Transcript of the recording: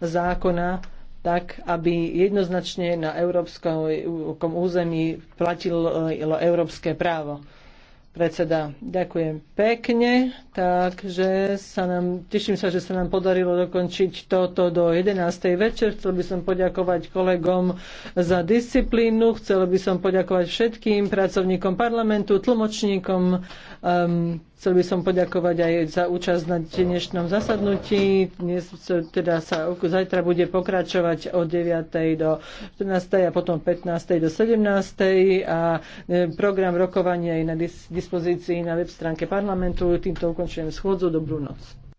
zákona tak, aby jednoznačne na európskom území platilo eh, európske právo predseda. Ďakujem pekne. Takže sa nám, teším sa, že sa nám podarilo dokončiť toto do 11. večer. Chcel by som poďakovať kolegom za disciplínu. Chcel by som poďakovať všetkým pracovníkom parlamentu, tlmočníkom. Um, chcel by som poďakovať aj za účasť na dnešnom zasadnutí. Dnes teda sa zajtra bude pokračovať od 9. do 14. a potom 15. do 17. a e, program rokovania je na dis- dispozícii na web stránke parlamentu. Týmto ukončujem schôdzu. Dobrú noc.